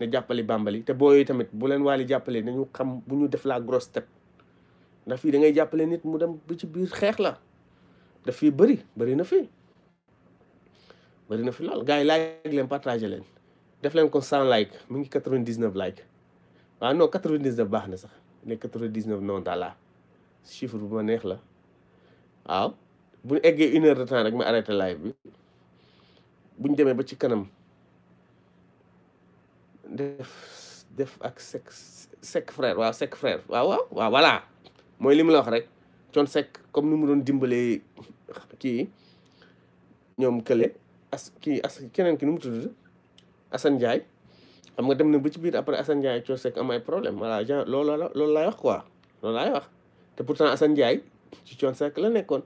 ne jàppali bàmbali te booy tamit bu leen waali jàppale nañu xam bu ñu def la grosse tête ndax fii da ngay jàppale nit mu dem ba ci biir xeex la daf fii bëri bari na fi bëri na fi lool gars yi like leen partagé leen def leen ko 100 like mu ngi 99 like waaw non 99 baax na sax ne 99 non dala chiffre bu ma neex la waaw bu ñu eggee une heure de temps ma arrêté live buñ demee ba ci kanam def ak sec sec frère waaw sec frère waaw waaw waaw voilà mooy li mu la wax rek coon sekk comme ni mu doon dimbalee kii ñoom kële as kii as keneen ki nu mu tudd Assane xam nga dem na ba ci biir après Assane Ndiaye coon sec am ay problème voilà genre loolu la loolu quoi loolu te pourtant Assane ci coon sec la nekkoon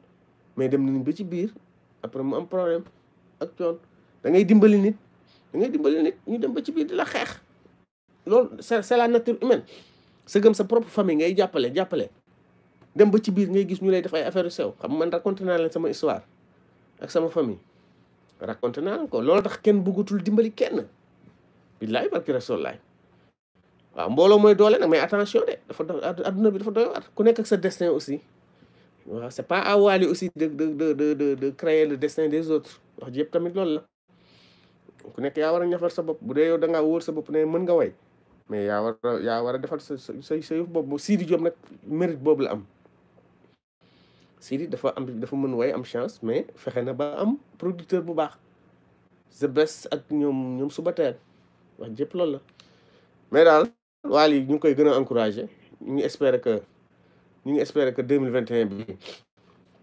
mais dem nañ ba ci biir après mu am problème ak coon da ngay dimbali nit da ngay dimbali ñu dem ba ci biir di la xeex loolu c'est la nature humaine sa gëm sa propre famille ngay jàppale jàppale dem ba ci biir ngay gis ñu lay def ay affaire sew xam man raconté naa leen sama histoire ak sama famille raconté naa leen ko loolu tax kenn buggatul dimbali kenn billaay barki rasulaay waaw mbooloo mooy doole nag may attention de dafa adduna bi dafa doy waar ku nekk sa destin aussi waaw c'est pas à aussi de de de de créer le destin des autres wax ji tamit loolu la ku nekk yaa war a ñafal sa bopp bu dee yow da ngaa wóor sa bopp ne mën nga way mais yaa war a yaa war a ya, defal sa sa sa yëf bu Sidi Diop nag mérite boobu la am Sidi dafa am dafa mën way am chance mais fexe na ba am producteur bu baax the best ak ñoom ñoom suba teel kan. wax jëpp loolu la mais daal Wally ñu koy gën a encouragé ñu ngi espérer que ñu ngi espérer que 2021 bi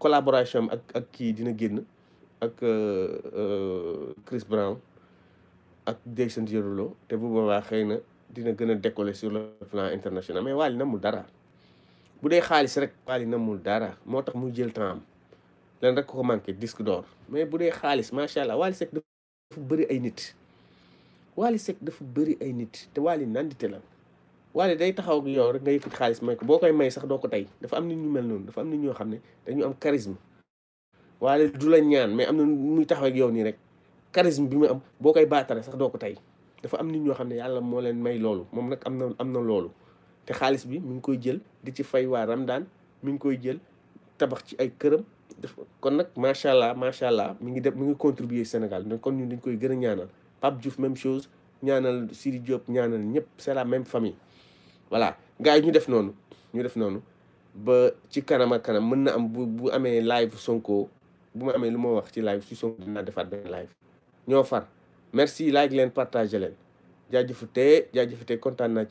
collaboration ak ak kii dina génn ak eh, eh, Chris Brown ak Jason Derulo te bu boobaa xëy na dina gën a décoller sur le plan international mais Wally namul dara bu dee xaalis rek Wally namul dara moo tax muy jël temps am leen rek ko manqué disque door mais bu dee xaalis macha allah Wally Seck dafa bëri ay nit Wally Seck dafa bëri ay nit te Wally nandite la Wally day taxaw yow rek nga yëkkati xaalis may ko boo koy may sax doo ko tey dafa am nit ñu mel noonu dafa am nit ñoo xam ne dañu am charisme waale du la ñaan mais am na muy taxaw ak yow nii rek charisme bi mu am boo koy baatare sax doo ko tey dafa am nit ñoo xam ne yàlla moo leen may loolu moom nag am na am na loolu te xaalis bi mu ngi koy jël di ci fay waa Ramadan mi ngi koy jël tabax ci ay këram def kon nag macha allah macha allah mi ngi def mi ngi contribuer Sénégal donc kon ñun dañ koy gën a ñaanal Pape Diouf même chose ñaanal Sidi Diop ñaanal ñëpp c'est la même famille voilà gars yi ñu def noonu ñu def noonu ba ci kanam kanam mën na am bu bu amee live Sonko bu ma amee lu ma wax ci live si Sonko dinaa defaat ñoo far merci like leen partage leen jaajëfu tee jaajëfu tee kontaan naa ci